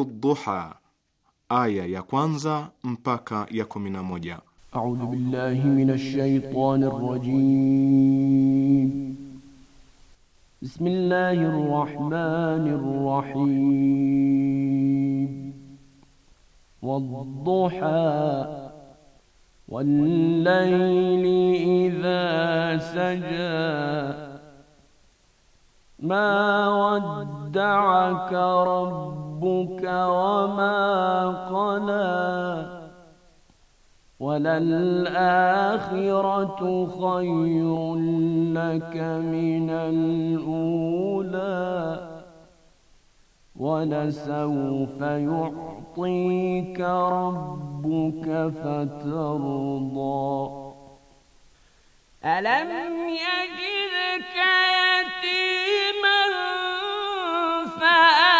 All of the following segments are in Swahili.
الضحى آية يا كوانزا مباكا يا كومينا موجا أعوذ بالله من الشيطان الرجيم بسم الله الرحمن الرحيم والضحى والليل إذا سجى ما ودعك ربك ربك وما قلى وللآخرة خير لك من الأولى ولسوف يعطيك ربك فترضى ألم يجدك يتيما فأنت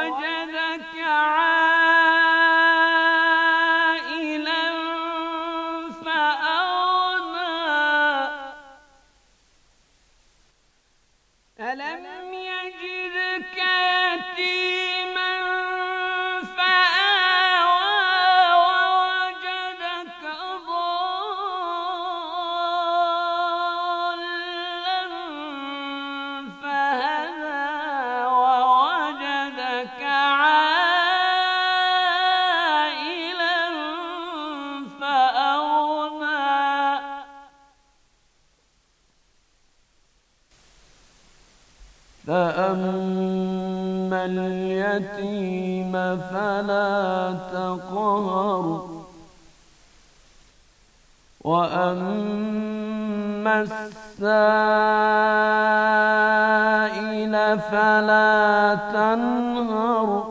أما اليتيم فلا تقهر وأما السائل فلا تنهر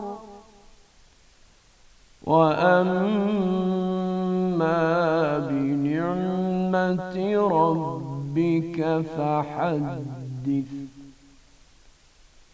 وأما بنعمة ربك فحدث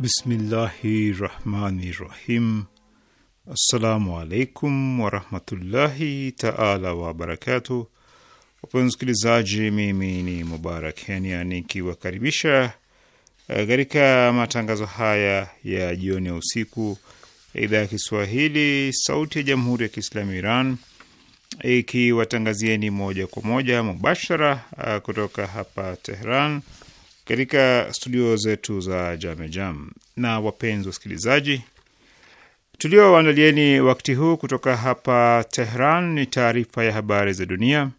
Bismillahi rahmani rahim. Assalamu alaikum warahmatullahi taala wabarakatu. Wapenzi msikilizaji, mimi ni Mubarak Kenya nikiwakaribisha eh, katika matangazo haya ya jioni ya usiku ya idhaa ya Kiswahili sauti ya jamhuri ya Kiislamu Iran ikiwatangazieni moja kwa moja mubashara eh, kutoka hapa Tehran katika studio zetu za Jamejam. Na wapenzi wasikilizaji, tulioandalieni wakati huu kutoka hapa Tehran ni taarifa ya habari za dunia,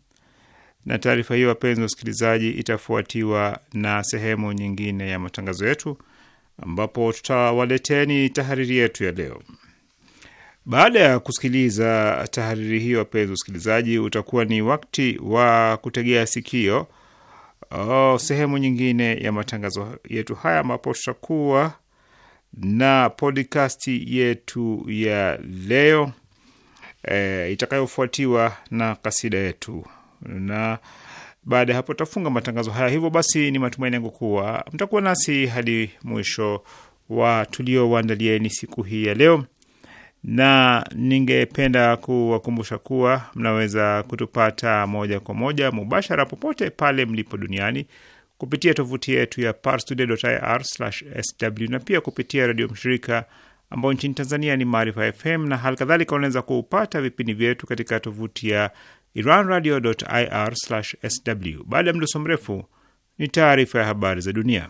na taarifa hiyo wapenzi wasikilizaji, itafuatiwa na sehemu nyingine ya matangazo yetu ambapo tutawaleteni tahariri yetu ya leo. Baada ya kusikiliza tahariri hiyo, wapenzi wasikilizaji, utakuwa ni wakati wa kutegea sikio oh, sehemu nyingine ya matangazo yetu haya ambapo tutakuwa na podkasti yetu ya leo e, itakayofuatiwa na kasida yetu na baada ya hapo tutafunga matangazo haya. Hivyo basi, ni matumaini yangu kuwa mtakuwa nasi hadi mwisho wa tuliowaandalieni siku hii ya leo na ningependa kuwakumbusha kuwa mnaweza kutupata moja kwa moja mubashara popote pale mlipo duniani kupitia tovuti yetu ya parstoday.ir/sw na pia kupitia redio mshirika ambao nchini Tanzania ni Maarifa FM, na hali kadhalika unaweza kuupata vipindi vyetu katika tovuti ya iranradio.ir/sw. Baada ya mdoso mrefu, ni taarifa ya habari za dunia.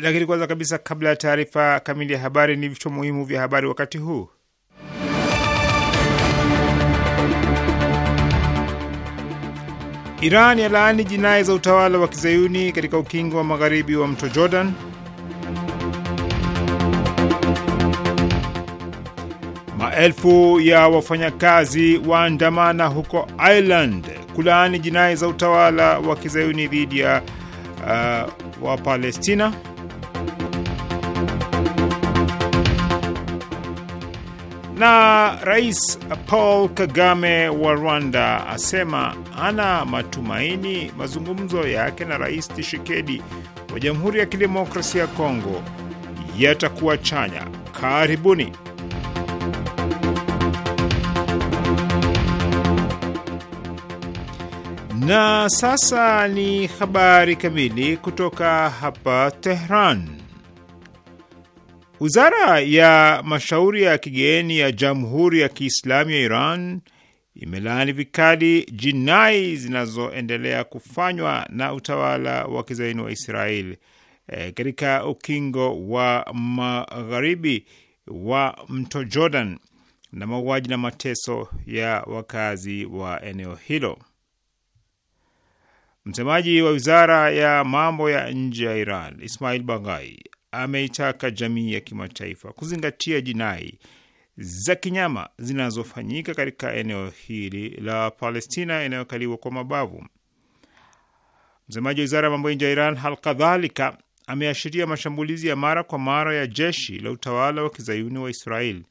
Lakini kwanza kabisa, kabla ya taarifa kamili ya habari, ni vichwa muhimu vya habari wakati huu. Iran yalaani jinai za utawala wa kizayuni katika ukingo wa magharibi wa mto Jordan. Maelfu ya wafanyakazi waandamana huko Ireland kulaani jinai za utawala wa kizayuni dhidi ya uh, wa Palestina. Na Rais Paul Kagame wa Rwanda asema ana matumaini mazungumzo yake na Rais Tshisekedi wa Jamhuri ya Kidemokrasia ya Kongo yatakuwa chanya. Karibuni. Na sasa ni habari kamili kutoka hapa Tehran. Wizara ya mashauri ya kigeni ya Jamhuri ya Kiislamu ya Iran imelaani vikali jinai zinazoendelea kufanywa na utawala wa kizaini wa israel e, katika ukingo wa magharibi wa mto Jordan na mauaji na mateso ya wakazi wa eneo hilo. Msemaji wa wizara ya mambo ya nje ya Iran Ismail Baghai ameitaka jamii ya kimataifa kuzingatia jinai za kinyama zinazofanyika katika eneo hili la Palestina inayokaliwa kwa mabavu. Msemaji wa wizara ya mambo ya nje ya Iran hal kadhalika ameashiria mashambulizi ya mara kwa mara ya jeshi la utawala wa kizayuni wa Israel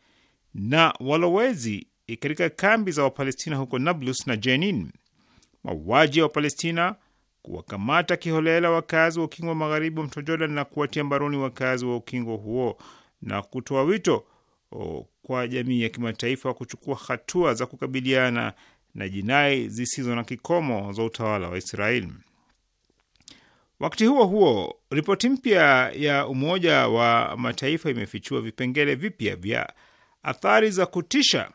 na walowezi katika kambi za Wapalestina huko Nablus na Jenin. Mauaji ya Wapalestina kuwakamata kiholela wakazi wa ukingo wa magharibi wa mto Jordan na kuwatia mbaroni wakazi wa ukingo huo na kutoa wito kwa jamii ya kimataifa kuchukua hatua za kukabiliana na jinai zisizo na kikomo za utawala wa Israeli. Wakati huo huo, ripoti mpya ya Umoja wa Mataifa imefichua vipengele vipya vya athari za kutisha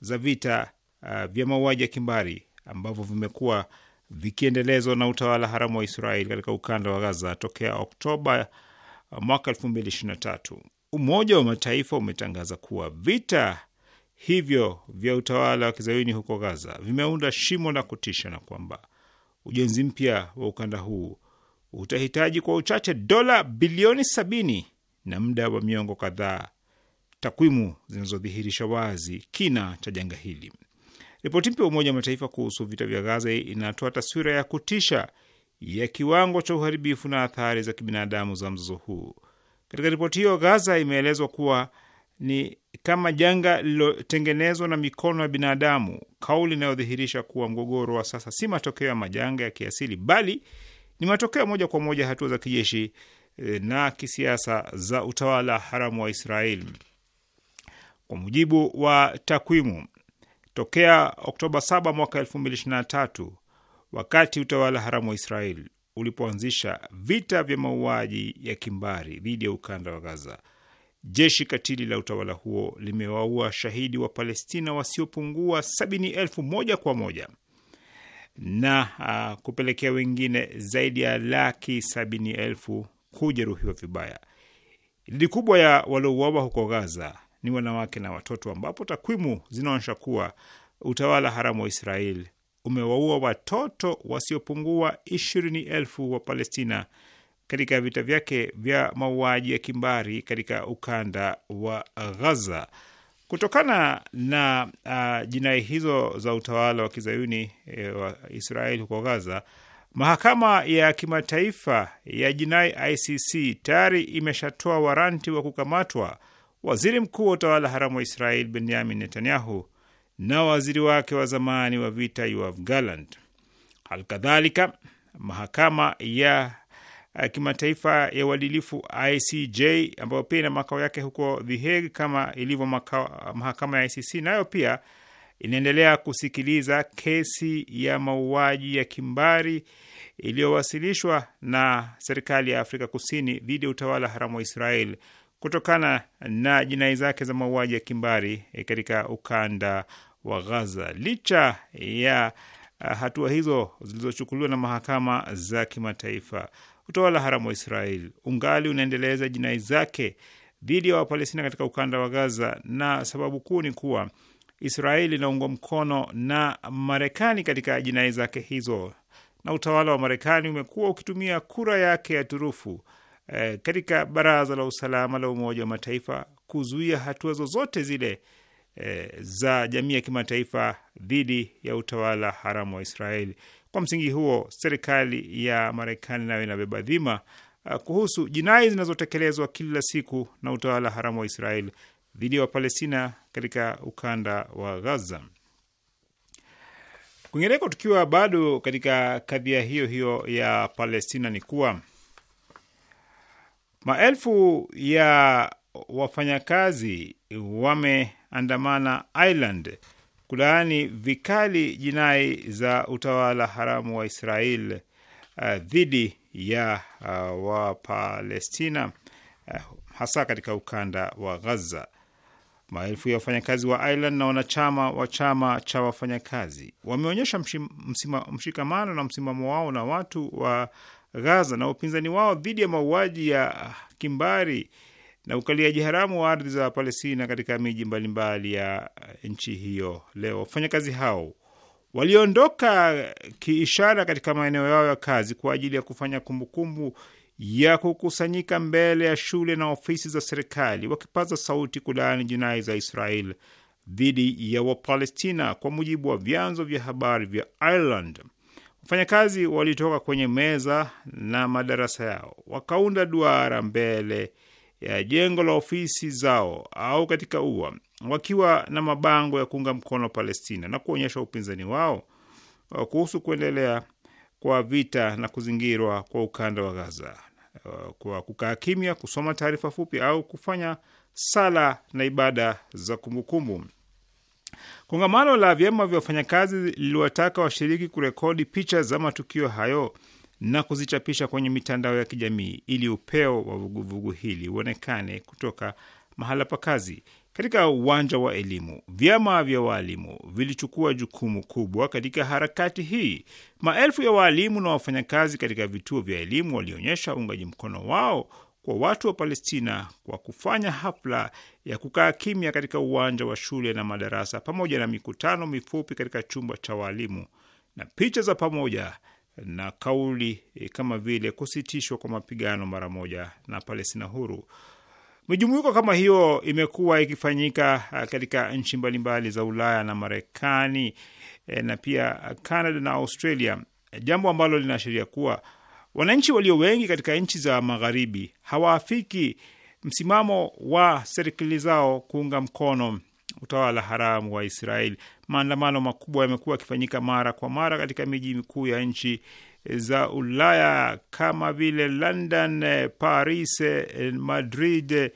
za vita uh, vya mauaji ya kimbari ambavyo vimekuwa vikiendelezwa na utawala haramu wa Israeli katika ukanda wa Gaza tokea Oktoba mwaka Umoja wa Mataifa umetangaza kuwa vita hivyo vya utawala wa kizayuni huko Gaza vimeunda shimo la kutisha na kwamba ujenzi mpya wa ukanda huu utahitaji kwa uchache dola bilioni sabini na muda wa miongo kadhaa, takwimu zinazodhihirisha wazi kina cha janga hili. Ripoti mpya ya Umoja wa Mataifa kuhusu vita vya Gaza inatoa taswira ya kutisha ya kiwango cha uharibifu na athari za kibinadamu za mzozo huu. Katika ripoti hiyo, Gaza imeelezwa kuwa ni kama janga lililotengenezwa na mikono ya binadamu, kauli inayodhihirisha kuwa mgogoro wa sasa si matokeo ya majanga ya kiasili, bali ni matokeo moja kwa moja hatua za kijeshi eh, na kisiasa za utawala haramu wa Israeli. Kwa mujibu wa takwimu tokea Oktoba 7 mwaka 2023 wakati utawala haramu wa israeli ulipoanzisha vita vya mauaji ya kimbari dhidi ya ukanda wa Gaza. Jeshi katili la utawala huo limewaua shahidi wa Palestina wasiopungua sabini elfu moja kwa moja na uh, kupelekea wengine zaidi ya laki sabini elfu kujeruhiwa vibaya. Idadi kubwa ya waliouawa huko Gaza ni wanawake na watoto, ambapo takwimu zinaonyesha kuwa utawala haramu wa Israel umewaua watoto wasiopungua ishirini elfu wa Palestina katika vita vyake vya mauaji ya kimbari katika ukanda wa Gaza. Kutokana na uh, jinai hizo za utawala wa kizayuni e, wa Israeli huko Gaza, mahakama ya kimataifa ya jinai ICC tayari imeshatoa waranti wa kukamatwa waziri mkuu wa utawala haramu wa Israel Benyamin Netanyahu na waziri wake wa zamani wa vita Yoav Gallant. Halikadhalika, mahakama ya eh, kimataifa ya uadilifu ICJ ambayo pia ina makao yake huko The Hague kama ilivyo mahakama ya ICC, nayo pia inaendelea kusikiliza kesi ya mauaji ya kimbari iliyowasilishwa na serikali ya Afrika Kusini dhidi ya utawala haramu wa Israel kutokana na jinai zake za mauaji ya kimbari eh, katika ukanda wa Gaza. Licha ya eh, hatua hizo zilizochukuliwa na mahakama za kimataifa, utawala haramu wa Israel ungali unaendeleza jinai zake dhidi ya Wapalestina katika ukanda wa Gaza, na sababu kuu ni kuwa Israeli inaungwa mkono na Marekani katika jinai zake hizo, na utawala wa Marekani umekuwa ukitumia kura yake ya turufu Eh, katika Baraza la Usalama la Umoja wa Mataifa kuzuia hatua zozote zile eh, za jamii ya kimataifa dhidi ya utawala haramu wa Israeli. Kwa msingi huo, serikali ya Marekani nayo inabeba dhima eh, kuhusu jinai zinazotekelezwa kila siku na utawala haramu wa Israeli dhidi ya Wapalestina katika ukanda wa Gaza. Kwingineko, tukiwa bado katika kadhia hiyo hiyo ya Palestina, ni kuwa Maelfu ya wafanyakazi wameandamana Ireland kulaani vikali jinai za utawala haramu wa Israel uh, dhidi ya uh, Wapalestina uh, hasa katika ukanda wa Gaza. Maelfu ya wafanyakazi wa Ireland na wanachama wa chama cha wafanyakazi wameonyesha mshikamano na msimamo wao na watu wa Gaza na upinzani wao dhidi ya mauaji ya kimbari na ukaliaji haramu wa ardhi za Palestina katika miji mbalimbali ya eh, nchi hiyo. Leo wafanyakazi hao waliondoka kiishara katika maeneo yao ya kazi kwa ajili ya kufanya kumbukumbu ya kukusanyika mbele ya shule na ofisi za serikali wakipaza sauti kulaani jinai za Israel dhidi ya Wapalestina, kwa mujibu wa vyanzo vya habari vya Ireland. Wafanyakazi walitoka kwenye meza na madarasa yao wakaunda duara mbele ya jengo la ofisi zao au katika ua, wakiwa na mabango ya kuunga mkono Palestina na kuonyesha upinzani wao uh, kuhusu kuendelea kwa vita na kuzingirwa kwa ukanda wa Gaza uh, kwa kukaa kimya, kusoma taarifa fupi au kufanya sala na ibada za kumbukumbu. Kongamano la vyama vya wafanyakazi liliwataka washiriki kurekodi picha za matukio hayo na kuzichapisha kwenye mitandao ya kijamii ili upeo wa vuguvugu hili uonekane kutoka mahala pa kazi. Katika uwanja wa elimu, vyama vya waalimu vilichukua jukumu kubwa katika harakati hii. Maelfu ya waalimu na wafanyakazi katika vituo vya elimu walionyesha uungaji mkono wao kwa watu wa Palestina kwa kufanya hafla ya kukaa kimya katika uwanja wa shule na madarasa pamoja na mikutano mifupi katika chumba cha waalimu na picha za pamoja na kauli e, kama vile kusitishwa kwa mapigano mara moja na Palestina huru. Mijumuiko kama hiyo imekuwa ikifanyika katika nchi mbalimbali za Ulaya na Marekani e, na pia Canada na Australia, e, jambo ambalo linaashiria kuwa Wananchi walio wengi katika nchi za magharibi hawaafiki msimamo wa serikali zao kuunga mkono utawala haramu wa Israeli. Maandamano makubwa yamekuwa yakifanyika mara kwa mara katika miji mikuu ya nchi za Ulaya kama vile London, Paris, Madrid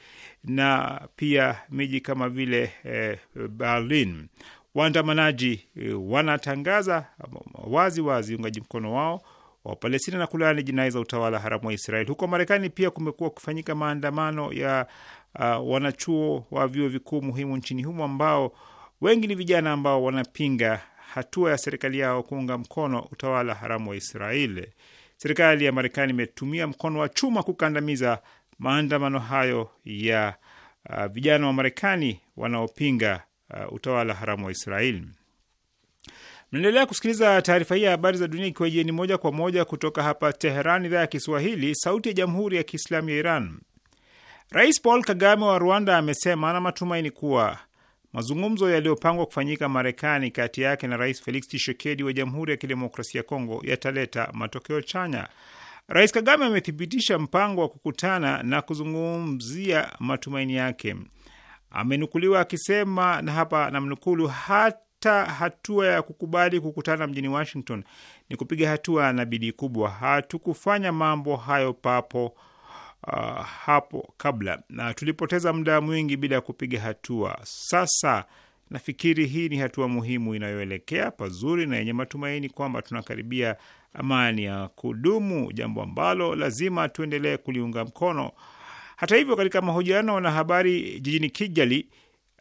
na pia miji kama vile eh, Berlin. Waandamanaji eh, wanatangaza wazi wazi uungaji mkono wao Wapalestina na kulaani jinai za utawala haramu wa Israeli. Huko Marekani pia kumekuwa kufanyika maandamano ya uh, wanachuo wa vyuo vikuu muhimu nchini humo ambao wengi ni vijana ambao wanapinga hatua ya serikali yao kuunga mkono utawala haramu wa Israeli. Serikali ya Marekani imetumia mkono wa chuma kukandamiza maandamano hayo ya uh, vijana wa Marekani wanaopinga uh, utawala haramu wa Israeli. Mnaendelea kusikiliza taarifa hii ya habari za dunia ikiwa jeni moja kwa moja kutoka hapa Teheran, idhaa ya Kiswahili, sauti ya jamhuri ya kiislamu ya Iran. Rais Paul Kagame wa Rwanda amesema ana matumaini kuwa mazungumzo yaliyopangwa kufanyika Marekani kati yake na Rais Felix Tshisekedi wa Jamhuri ya Kidemokrasia ya Kongo yataleta matokeo chanya. Rais Kagame amethibitisha mpango wa kukutana na kuzungumzia matumaini yake. Amenukuliwa akisema na hapa namnukulu, hata hata hatua ya kukubali kukutana mjini Washington ni kupiga hatua na bidii kubwa. Hatukufanya mambo hayo papo uh, hapo kabla na tulipoteza muda mwingi bila ya kupiga hatua. Sasa nafikiri hii ni hatua muhimu inayoelekea pazuri na yenye matumaini kwamba tunakaribia amani ya kudumu, jambo ambalo lazima tuendelee kuliunga mkono. Hata hivyo, katika mahojiano na habari jijini Kigali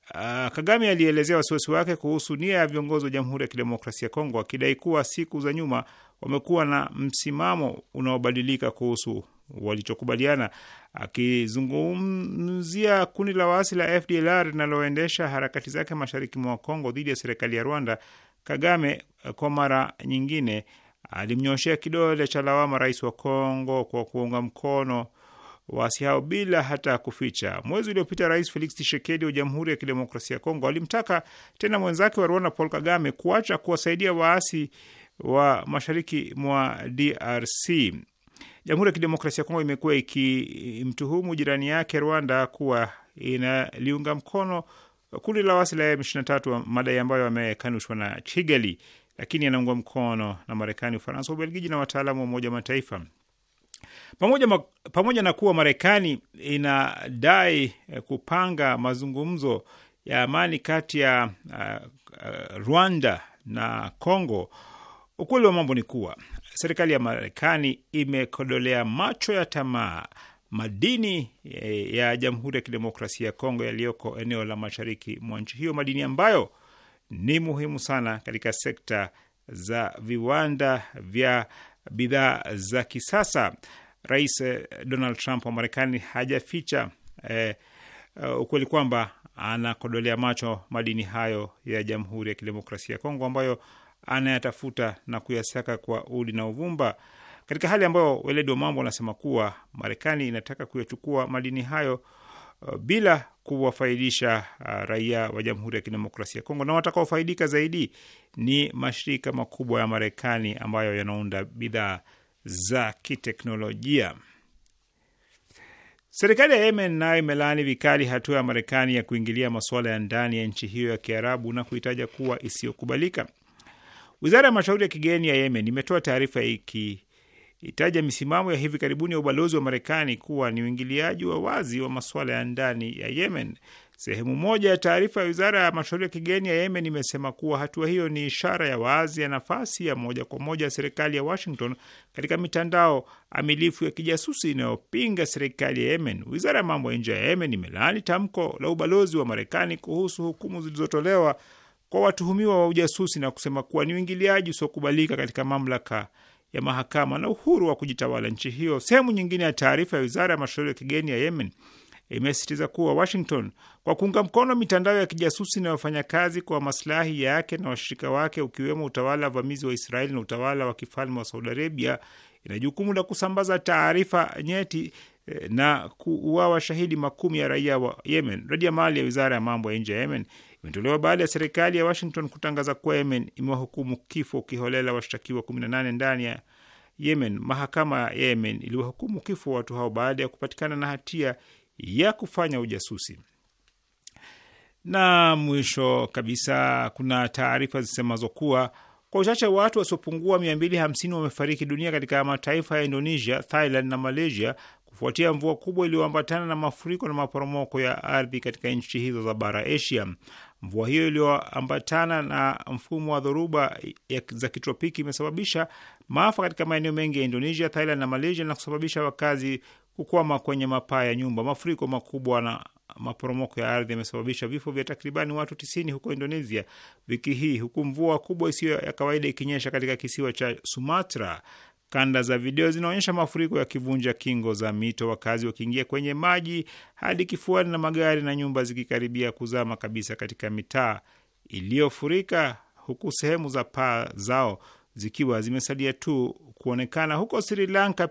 Uh, Kagame alielezea wasiwasi wake kuhusu nia ya viongozi wa Jamhuri ya Kidemokrasia ya Kongo akidai kuwa siku za nyuma wamekuwa na msimamo unaobadilika kuhusu walichokubaliana. Akizungumzia kundi la waasi la FDLR linaloendesha harakati zake mashariki mwa Kongo dhidi ya serikali ya Rwanda, Kagame eh, kwa mara nyingine alimnyoshea kidole cha lawama rais wa Kongo kwa kuunga mkono waasi hao bila hata kuficha. Mwezi uliopita Rais Felix Tshisekedi wa Jamhuri ya Kidemokrasia ya Kongo alimtaka tena mwenzake wa Rwanda Paul Kagame kuacha kuwasaidia waasi wa mashariki mwa DRC. Jamhuri ya Kidemokrasia ya Kongo imekuwa ikimtuhumu jirani yake Rwanda kuwa inaliunga mkono kundi la wasi la M23, madai ambayo yamekanushwa na Kigali, lakini anaungwa mkono na Marekani, Ufaransa, Ubelgiji na wataalamu wa Umoja wa Mataifa. Pamoja, ma, pamoja na kuwa Marekani inadai eh, kupanga mazungumzo ya amani kati ya uh, uh, Rwanda na Kongo, ukweli wa mambo ni kuwa serikali ya Marekani imekodolea macho ya tamaa madini eh, ya Jamhuri ya Kidemokrasia ya Kongo yaliyoko eneo la mashariki mwa nchi hiyo, madini ambayo ni muhimu sana katika sekta za viwanda vya bidhaa za kisasa. Rais eh, Donald Trump wa Marekani hajaficha eh, uh, ukweli kwamba anakodolea macho madini hayo ya Jamhuri ya Kidemokrasia ya Kongo ambayo anayatafuta na kuyasaka kwa udi na uvumba, katika hali ambayo weledi wa mambo wanasema kuwa Marekani inataka kuyachukua madini hayo uh, bila kuwafaidisha uh, raia wa Jamhuri ya Kidemokrasia ya Kongo, na watakaofaidika zaidi ni mashirika makubwa ya Marekani ambayo yanaunda bidhaa za kiteknolojia. Serikali ya Yemen nayo imelaani vikali hatua ya Marekani ya kuingilia masuala ya ndani ya nchi hiyo ya Kiarabu na kuitaja kuwa isiyokubalika. Wizara ya mashauri ya kigeni ya Yemen imetoa taarifa ikiitaja misimamo ya hivi karibuni ya ubalozi wa Marekani kuwa ni uingiliaji wa wazi wa masuala ya ndani ya Yemen. Sehemu moja ya taarifa ya wizara ya mashauri ya kigeni ya Yemen imesema kuwa hatua hiyo ni ishara ya wazi ya nafasi ya moja kwa moja ya serikali ya Washington katika mitandao amilifu ya kijasusi inayopinga serikali ya Yemen. Wizara ya mambo ya nje ya Yemen imelaani tamko la ubalozi wa Marekani kuhusu hukumu zilizotolewa kwa watuhumiwa wa ujasusi na kusema kuwa ni uingiliaji usiokubalika katika mamlaka ya mahakama na uhuru wa kujitawala nchi hiyo. Sehemu nyingine ya taarifa ya wizara ya mashauri ya kigeni ya Yemen imesisitiza kuwa Washington kwa kuunga mkono mitandao ya kijasusi na wafanyakazi kwa masilahi yake na washirika wake, ukiwemo utawala vamizi wa Israeli na utawala wa kifalme wa Saudi Arabia, ina jukumu la kusambaza taarifa nyeti eh, na kuuawa shahidi makumi ya raia wa Yemen. Radi ya mali ya wizara ya mambo ya nje ya Yemen imetolewa baada ya serikali ya Washington kutangaza kuwa Yemen imewahukumu kifo kiholela washtakiwa 18 ndani ya Yemen. Mahakama ya Yemen iliwahukumu kifo watu hao baada ya kupatikana na hatia ya kufanya ujasusi. Na mwisho kabisa, kuna taarifa zisemazo kuwa kwa uchache watu wasiopungua 250 wamefariki dunia katika mataifa ya Indonesia, Thailand na Malaysia kufuatia mvua kubwa iliyoambatana na mafuriko na maporomoko ya ardhi katika nchi hizo za bara Asia. Mvua hiyo iliyoambatana na mfumo wa dhoruba za kitropiki imesababisha maafa katika maeneo mengi ya Indonesia, Thailand na Malaysia na kusababisha wakazi kukwama kwenye mapaa ya nyumba. Mafuriko makubwa na maporomoko ya ardhi yamesababisha vifo vya takribani watu tisini huko Indonesia wiki hii, huku mvua kubwa isiyo ya kawaida ikinyesha katika kisiwa cha Sumatra. Kanda za video zinaonyesha mafuriko yakivunja kingo za mito, wakazi wakiingia kwenye maji hadi kifuani, na magari na nyumba zikikaribia kuzama kabisa katika mitaa iliyofurika, huku sehemu za paa zao zikiwa zimesalia tu kuonekana. Huko Sri Lanka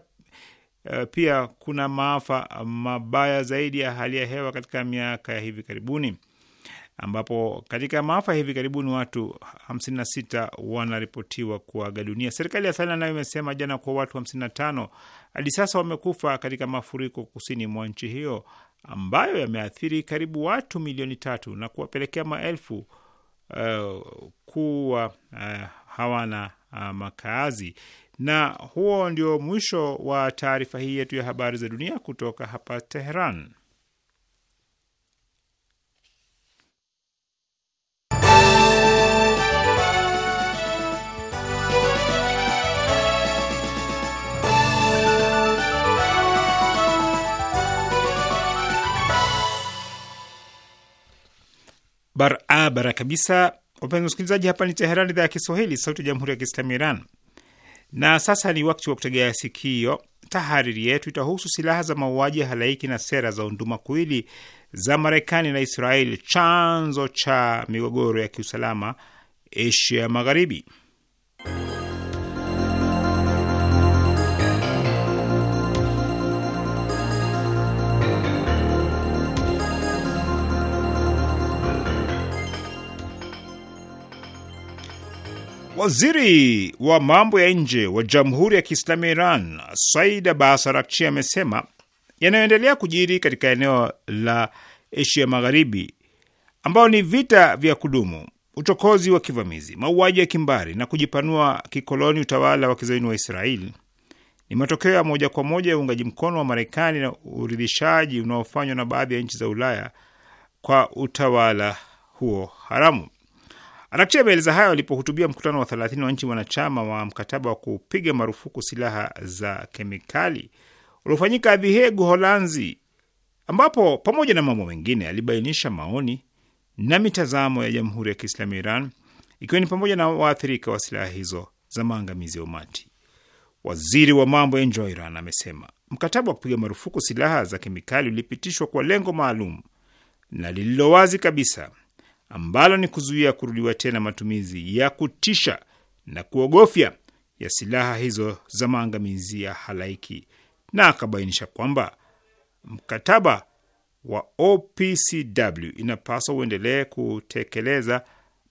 Eh, pia kuna maafa mabaya zaidi ya hali ya hewa katika miaka ya hivi karibuni, ambapo katika maafa ya hivi karibuni watu 56 wanaripotiwa kuaga dunia. Serikali ya Thailand nayo imesema jana kuwa watu 55 hadi sasa wamekufa katika mafuriko kusini mwa nchi hiyo ambayo yameathiri karibu watu milioni tatu na kuwapelekea maelfu uh, kuwa uh, hawana uh, ah, makazi. Na huo ndio mwisho wa taarifa hii yetu ya habari za dunia kutoka hapa Teheran. Barabara kabisa, wapenzi wasikilizaji, hapa ni Teheran, idhaa ya Kiswahili, sauti ya jamhuri ya kiislamu Iran. Na sasa ni wakati wa kutegea sikio. Tahariri yetu itahusu silaha za mauaji ya halaiki na sera za unduma undumakuili za Marekani na Israeli, chanzo cha migogoro ya kiusalama Asia Magharibi. Waziri wa mambo ya nje wa Jamhuri ya Kiislamu ya Iran Said Abbas Arakchi amesema yanayoendelea kujiri katika eneo la Asia Magharibi, ambayo ni vita vya kudumu, uchokozi wa kivamizi, mauaji ya kimbari na kujipanua kikoloni utawala wa kizaini wa Israeli ni matokeo ya moja kwa moja ya uungaji mkono wa Marekani na uridhishaji unaofanywa na baadhi ya nchi za Ulaya kwa utawala huo haramu. Arakchi ameeleza hayo alipohutubia mkutano wa 30 wa nchi wanachama wa mkataba wa kupiga marufuku silaha za kemikali uliofanyika Vihegu, Holanzi, ambapo pamoja na mambo mengine alibainisha maoni na mitazamo ya Jamhuri ya Kiislamu ya Iran, ikiwa ni pamoja na waathirika wa silaha hizo za maangamizi ya umati. Waziri wa mambo ya nje wa Iran amesema mkataba wa kupiga marufuku silaha za kemikali ulipitishwa kwa lengo maalum na lililo wazi kabisa ambalo ni kuzuia kurudiwa tena matumizi ya kutisha na kuogofya ya silaha hizo za maangamizi ya halaiki, na akabainisha kwamba mkataba wa OPCW inapaswa uendelee kutekeleza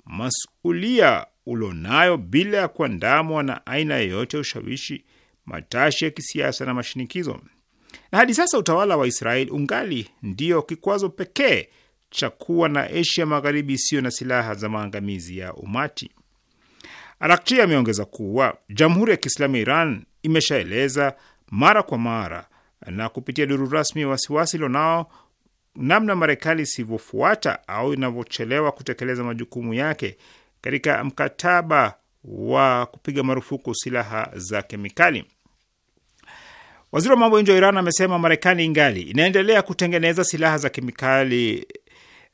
masulia ulonayo bila ya kuandamwa na aina yoyote ya ushawishi, matashi ya kisiasa na mashinikizo. Na hadi sasa utawala wa Israeli ungali ndiyo kikwazo pekee cha kuwa na Asia Magharibi isiyo na silaha za maangamizi ya umati. Arakchi ameongeza kuwa Jamhuri ya Kiislamu ya Iran imeshaeleza mara kwa mara na kupitia duru rasmi wasiwasi ilionao namna Marekani isivyofuata au inavyochelewa kutekeleza majukumu yake katika mkataba wa kupiga marufuku silaha za kemikali. Waziri wa mambo ya nje wa Iran amesema Marekani ingali inaendelea kutengeneza silaha za kemikali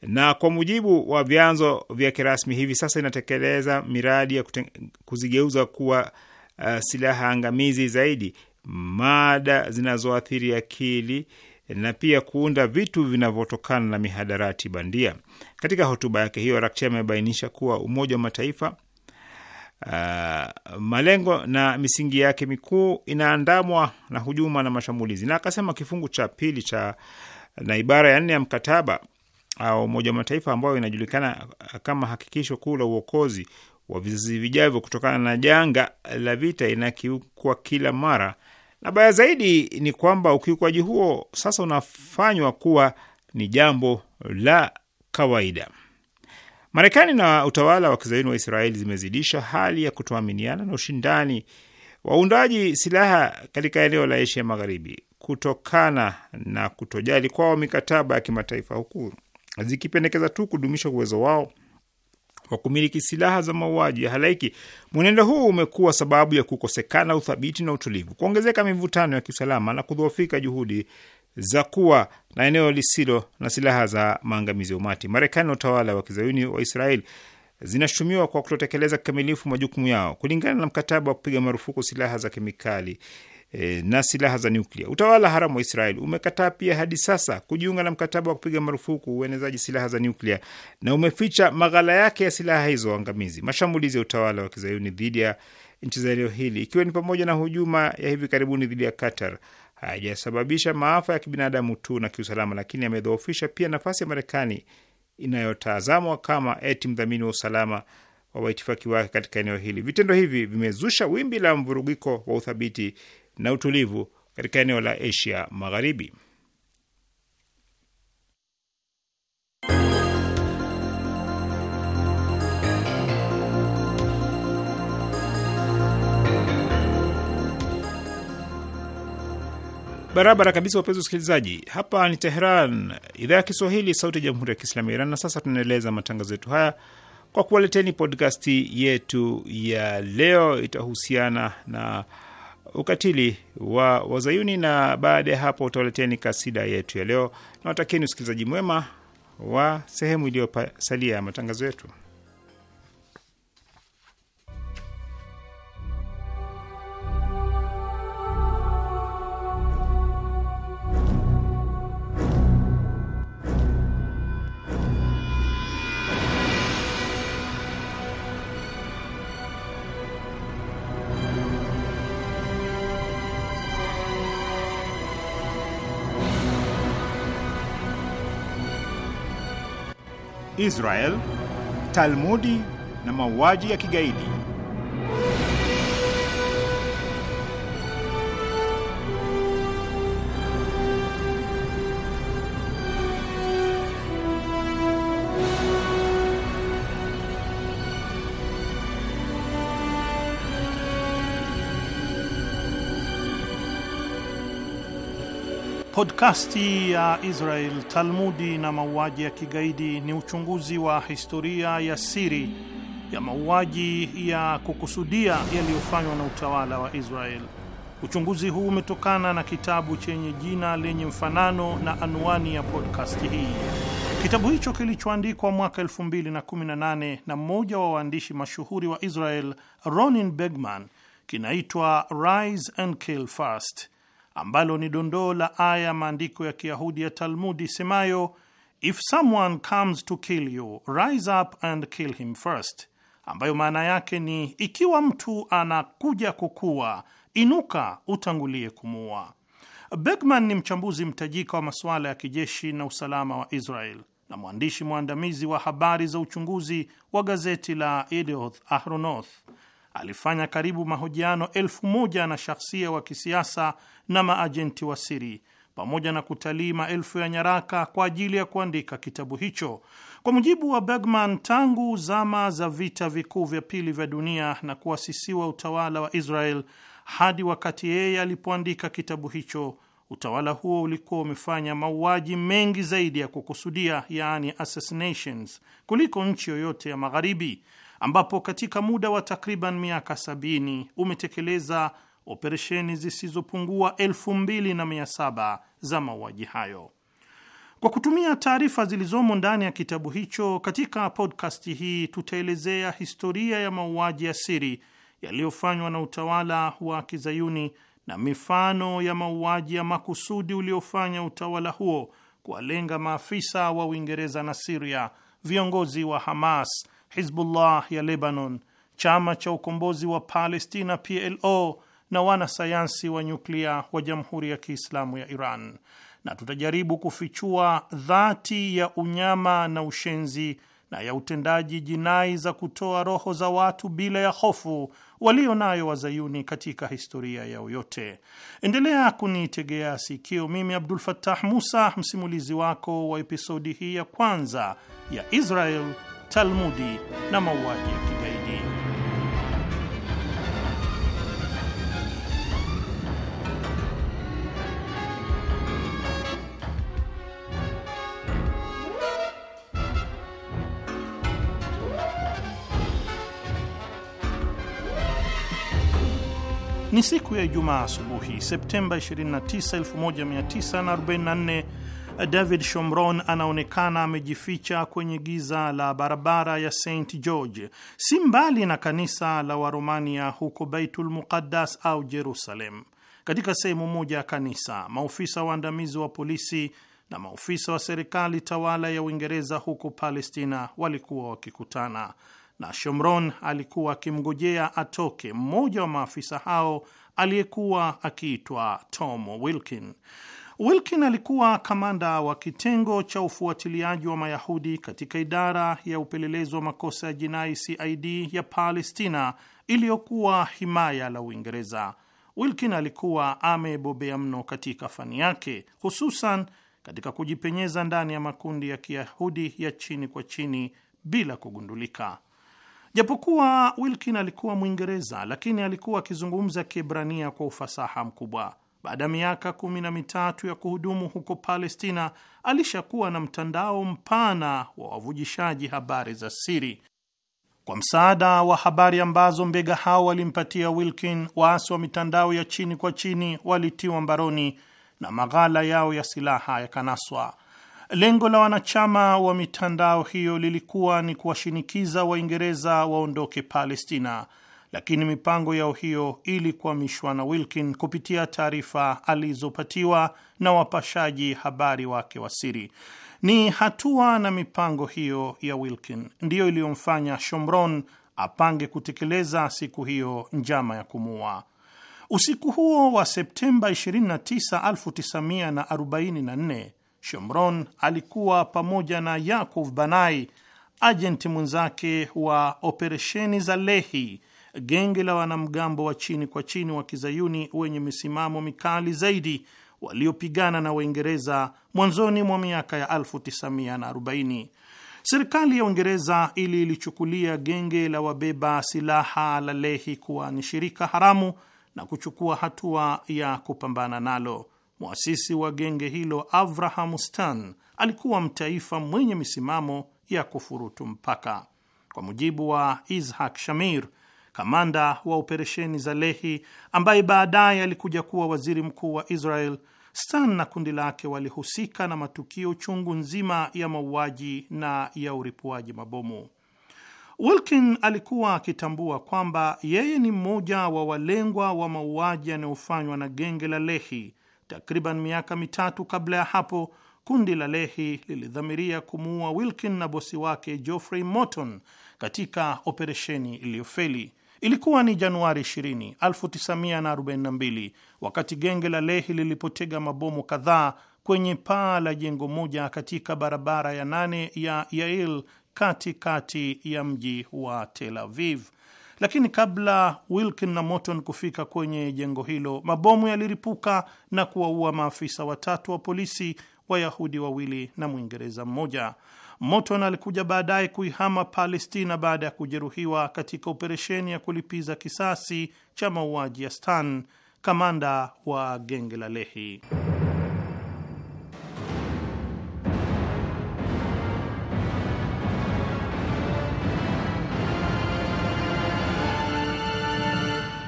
na kwa mujibu wa vyanzo vya kirasmi hivi sasa inatekeleza miradi ya kuzigeuza kuwa uh, silaha angamizi zaidi, mada zinazoathiri akili na pia kuunda vitu vinavyotokana na mihadarati bandia. Katika hotuba yake hiyo, Arakchi amebainisha kuwa Umoja wa Mataifa uh, malengo na misingi yake mikuu inaandamwa na hujuma na mashambulizi, na akasema kifungu cha pili cha na ibara ya nne ya mkataba au Umoja wa Mataifa ambayo inajulikana kama hakikisho kuu la uokozi wa vizazi vijavyo kutokana na janga la vita inakiukwa kila mara, na baya zaidi ni kwamba ukiukwaji huo sasa unafanywa kuwa ni jambo la kawaida. Marekani na utawala wa kizayuni wa Israeli zimezidisha hali ya kutoaminiana na ushindani wa uundaji silaha katika eneo la Asia Magharibi kutokana na kutojali kwao mikataba ya kimataifa, huku zikipendekeza tu kudumisha uwezo wao wa kumiliki silaha za mauaji ya halaiki. Mwenendo huu umekuwa sababu ya kukosekana uthabiti na utulivu, kuongezeka mivutano ya kiusalama na kudhoofika juhudi za kuwa na eneo lisilo na silaha za maangamizi ya umati. Marekani na utawala wa kizayuni wa Israel zinashutumiwa kwa kutotekeleza kikamilifu majukumu yao kulingana na mkataba wa kupiga marufuku silaha za kemikali e, na silaha za nyuklia. Utawala haramu wa Israel umekataa pia hadi sasa kujiunga na mkataba wa kupiga marufuku uenezaji silaha za nyuklia na umeficha maghala yake ya silaha hizo angamizi. Mashambulizi ya utawala wa kizayuni dhidi ya nchi za eneo hili ikiwa ni pamoja na hujuma ya hivi karibuni dhidi ya Qatar hayajasababisha maafa ya kibinadamu tu na kiusalama, lakini yamedhoofisha pia nafasi ya Marekani inayotazamwa kama eti mdhamini wa usalama wa waitifaki wake katika eneo hili. Vitendo hivi vimezusha wimbi la mvurugiko wa uthabiti na utulivu katika eneo la Asia Magharibi. Barabara kabisa, wapenzi wasikilizaji, hapa ni Teheran, idhaa ya Kiswahili, sauti ya jamhuri ya kiislamu ya Iran. Na sasa tunaeleza matangazo yetu haya kwa kuwaleteni podkasti yetu ya leo, itahusiana na ukatili wa Wazayuni. Na baada ya hapo utawaleteni kasida yetu ya leo, na watakini usikilizaji mwema wa sehemu iliyosalia ya matangazo yetu. Israel, Talmudi na mauaji ya kigaidi. Podkasti ya Israel Talmudi na mauaji ya kigaidi ni uchunguzi wa historia ya siri ya mauaji ya kukusudia yaliyofanywa na utawala wa Israel. Uchunguzi huu umetokana na kitabu chenye jina lenye mfanano na anwani ya podkasti hii. Kitabu hicho kilichoandikwa mwaka 2018 na mmoja wa waandishi mashuhuri wa Israel Ronin Bergman kinaitwa Rise and Kill Fast ambalo ni dondoo la aya ya maandiko ya Kiyahudi ya Talmudi isemayo if someone comes to kill you rise up and kill him first, ambayo maana yake ni ikiwa mtu anakuja kukua, inuka utangulie kumua Bergman ni mchambuzi mtajika wa masuala ya kijeshi na usalama wa Israel na mwandishi mwandamizi wa habari za uchunguzi wa gazeti la Idioth Ahronoth alifanya karibu mahojiano elfu moja na shahsia wa kisiasa na maajenti wa siri pamoja na kutalii maelfu ya nyaraka kwa ajili ya kuandika kitabu hicho. Kwa mujibu wa Bergman, tangu zama za vita vikuu vya pili vya dunia na kuasisiwa utawala wa Israel hadi wakati yeye alipoandika kitabu hicho, utawala huo ulikuwa umefanya mauaji mengi zaidi ya kukusudia, yaani assassinations, kuliko nchi yoyote ya Magharibi ambapo katika muda wa takriban miaka sabini umetekeleza operesheni zisizopungua elfu mbili na mia saba za mauaji hayo. Kwa kutumia taarifa zilizomo ndani ya kitabu hicho, katika podkasti hii tutaelezea historia ya mauaji ya siri yaliyofanywa na utawala wa kizayuni na mifano ya mauaji ya makusudi uliofanya utawala huo kuwalenga maafisa wa Uingereza na Siria, viongozi wa Hamas Hizbullah ya Lebanon, chama cha ukombozi wa Palestina PLO na wanasayansi wa nyuklia wa Jamhuri ya Kiislamu ya Iran, na tutajaribu kufichua dhati ya unyama na ushenzi na ya utendaji jinai za kutoa roho za watu bila ya hofu walio nayo wazayuni katika historia yao yote. Endelea kunitegea sikio, mimi Abdul Fattah Musa, msimulizi wako wa episodi hii ya kwanza ya Israel Talmudi na mauaji ya kigaidi. Ni siku ya Ijumaa asubuhi, Septemba 29, 1944 David Shomron anaonekana amejificha kwenye giza la barabara ya St George, si mbali na kanisa la Waromania huko Baitul Muqaddas au Jerusalem. Katika sehemu moja ya kanisa, maofisa waandamizi wa polisi na maofisa wa serikali tawala ya Uingereza huko Palestina walikuwa wakikutana, na Shomron alikuwa akimgojea atoke mmoja wa maafisa hao aliyekuwa akiitwa Tom Wilkin. Wilkin alikuwa kamanda wa kitengo cha ufuatiliaji wa Mayahudi katika idara ya upelelezi wa makosa ya jinai CID ya Palestina iliyokuwa himaya la Uingereza. Wilkin alikuwa amebobea mno katika fani yake, hususan katika kujipenyeza ndani ya makundi ya Kiyahudi ya chini kwa chini bila kugundulika. Japokuwa Wilkin alikuwa Mwingereza, lakini alikuwa akizungumza Kiebrania kwa ufasaha mkubwa baada ya miaka kumi na mitatu ya kuhudumu huko Palestina, alishakuwa na mtandao mpana wa wavujishaji habari za siri. Kwa msaada wa habari ambazo mbega hao walimpatia Wilkin, waasi wa mitandao ya chini kwa chini walitiwa mbaroni na maghala yao ya silaha yakanaswa. Lengo la wanachama wa mitandao hiyo lilikuwa ni kuwashinikiza Waingereza waondoke Palestina lakini mipango yao hiyo ilikwamishwa na Wilkin kupitia taarifa alizopatiwa na wapashaji habari wake wa siri. Ni hatua na mipango hiyo ya Wilkin ndiyo iliyomfanya Shomron apange kutekeleza siku hiyo njama ya kumuua. Usiku huo wa Septemba 29, 1944 Shomron alikuwa pamoja na Yakov Banai, ajenti mwenzake wa operesheni za Lehi genge la wanamgambo wa chini kwa chini wa kizayuni wenye misimamo mikali zaidi waliopigana na Waingereza mwanzoni mwa miaka ya 1940. Serikali ya Uingereza ili ilichukulia genge la wabeba silaha la Lehi kuwa ni shirika haramu na kuchukua hatua ya kupambana nalo. Mwasisi wa genge hilo Avraham Stan alikuwa mtaifa mwenye misimamo ya kufurutu mpaka. Kwa mujibu wa Ishak Shamir, kamanda wa operesheni za Lehi ambaye baadaye alikuja kuwa waziri mkuu wa Israel. Stan na kundi lake walihusika na matukio chungu nzima ya mauaji na ya uripuaji mabomu. Wilkin alikuwa akitambua kwamba yeye ni mmoja wa walengwa wa mauaji yanayofanywa na genge la Lehi. Takriban miaka mitatu kabla ya hapo, kundi la Lehi lilidhamiria kumuua Wilkin na bosi wake Geoffrey Morton katika operesheni iliyofeli. Ilikuwa ni Januari 20, 1942 wakati genge la Lehi lilipotega mabomu kadhaa kwenye paa la jengo moja katika barabara ya nane ya Yail katikati ya mji wa Tel Aviv. Lakini kabla Wilkin na Morton kufika kwenye jengo hilo, mabomu yaliripuka na kuwaua maafisa watatu wa polisi, Wayahudi wawili na Mwingereza mmoja moton alikuja baadaye kuihama Palestina baada ya kujeruhiwa katika operesheni ya kulipiza kisasi cha mauaji ya Stan, kamanda wa genge la Lehi.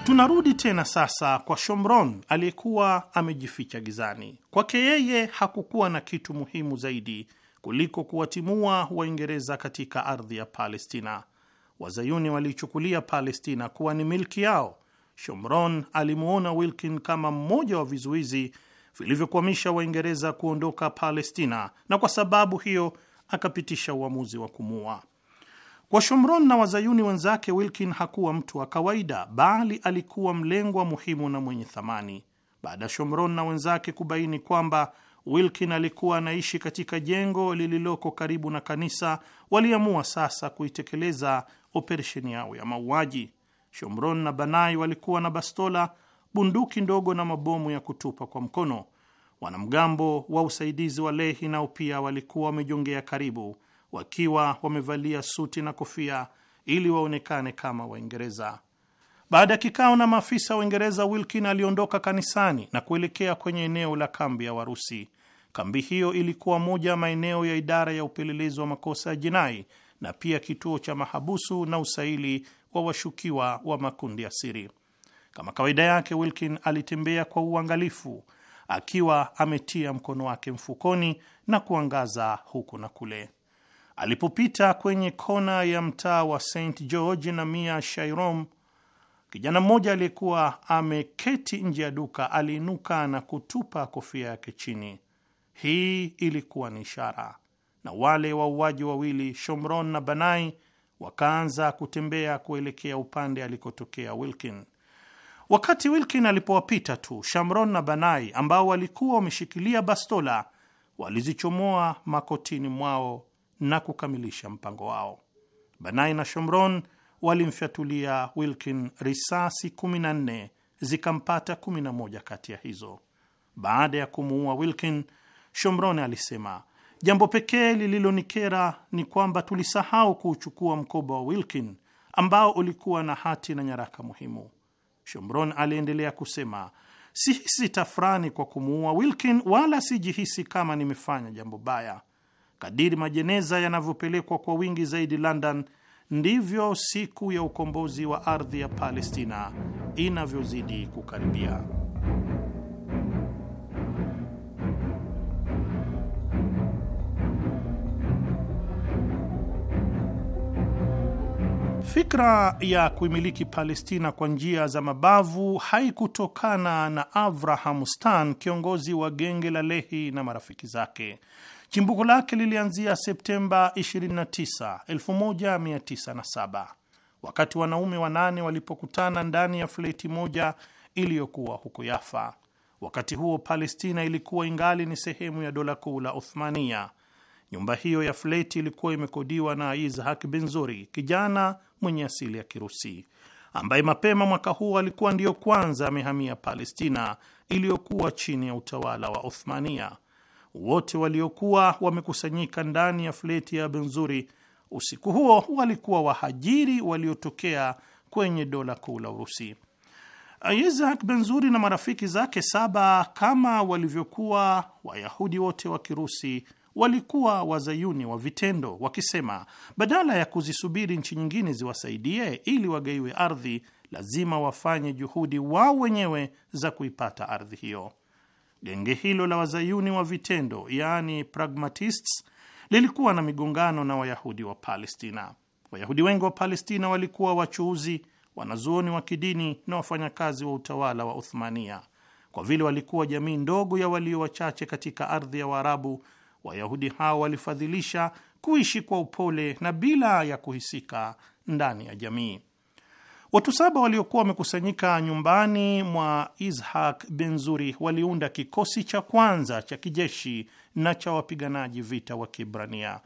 Tunarudi tena sasa kwa Shomron aliyekuwa amejificha gizani. Kwake yeye hakukuwa na kitu muhimu zaidi kuliko kuwatimua Waingereza katika ardhi ya Palestina. Wazayuni waliichukulia Palestina kuwa ni milki yao. Shomron alimuona Wilkin kama mmoja wa vizuizi vilivyokwamisha Waingereza kuondoka Palestina, na kwa sababu hiyo akapitisha uamuzi wa kumua Kwa Shomron na wazayuni wenzake, Wilkin hakuwa mtu wa kawaida, bali alikuwa mlengwa muhimu na mwenye thamani. Baada ya Shomron na wenzake kubaini kwamba Wilkin alikuwa anaishi katika jengo lililoko karibu na kanisa, waliamua sasa kuitekeleza operesheni yao ya mauaji. Shomron na Banai walikuwa na bastola, bunduki ndogo na mabomu ya kutupa kwa mkono. Wanamgambo wa usaidizi wa Lehi nao pia walikuwa wamejongea karibu, wakiwa wamevalia suti na kofia ili waonekane kama Waingereza. Baada ya kikao na maafisa wa Uingereza, Wilkin aliondoka kanisani na kuelekea kwenye eneo la kambi ya Warusi. Kambi hiyo ilikuwa moja ya maeneo ya idara ya upelelezi wa makosa ya jinai na pia kituo cha mahabusu na usaili wa washukiwa wa makundi ya siri. Kama kawaida yake, Wilkin alitembea kwa uangalifu akiwa ametia mkono wake mfukoni na kuangaza huku na kule. Alipopita kwenye kona ya mtaa wa St George na Mia Shairom, kijana mmoja aliyekuwa ameketi nje ya duka aliinuka na kutupa kofia yake chini. Hii ilikuwa ni ishara, na wale wauaji wawili Shomron na Banai wakaanza kutembea kuelekea upande alikotokea Wilkin. Wakati Wilkin alipowapita tu, Shamron na Banai ambao walikuwa wameshikilia bastola walizichomoa makotini mwao na kukamilisha mpango wao. Banai na Shomron walimfyatulia Wilkin risasi 14 zikampata 11 kati ya hizo. Baada ya kumuua Wilkin, Shomrone alisema jambo pekee lililonikera ni kwamba tulisahau kuuchukua mkoba wa Wilkin ambao ulikuwa na hati na nyaraka muhimu. Shomron aliendelea kusema, sihisi tafrani kwa kumuua Wilkin wala sijihisi kama nimefanya jambo baya. Kadiri majeneza yanavyopelekwa kwa wingi zaidi London, ndivyo siku ya ukombozi wa ardhi ya Palestina inavyozidi kukaribia. Fikra ya kuimiliki Palestina kwa njia za mabavu haikutokana na Avraham Stan, kiongozi wa genge la Lehi na marafiki zake. Chimbuko lake lilianzia Septemba 29, 1907 wakati wanaume wanane walipokutana ndani ya fleti moja iliyokuwa huko Yafa. Wakati huo Palestina ilikuwa ingali ni sehemu ya dola kuu la Uthmania. Nyumba hiyo ya fleti ilikuwa imekodiwa na Ishak Benzuri, kijana mwenye asili ya Kirusi ambaye mapema mwaka huu alikuwa ndiyo kwanza amehamia Palestina iliyokuwa chini ya utawala wa Othmania. Wote waliokuwa wamekusanyika ndani ya fleti ya Benzuri usiku huo walikuwa wahajiri waliotokea kwenye dola kuu la Urusi. Yitzhak Benzuri na marafiki zake saba, kama walivyokuwa Wayahudi wote wa Kirusi, walikuwa wazayuni wa vitendo, wakisema badala ya kuzisubiri nchi nyingine ziwasaidie ili wagaiwe ardhi, lazima wafanye juhudi wao wenyewe za kuipata ardhi hiyo. Genge hilo la wazayuni wa vitendo, yaani pragmatists, lilikuwa na migongano na Wayahudi wa Palestina. Wayahudi wengi wa Palestina walikuwa wachuuzi, wanazuoni wa kidini na wafanyakazi wa utawala wa Uthmania. Kwa vile walikuwa jamii ndogo ya walio wachache katika ardhi ya Waarabu Wayahudi hao walifadhilisha kuishi kwa upole na bila ya kuhisika ndani ya jamii. Watu saba waliokuwa wamekusanyika nyumbani mwa Ishak Benzuri waliunda kikosi cha kwanza cha kijeshi na cha wapiganaji vita wa Kibrania.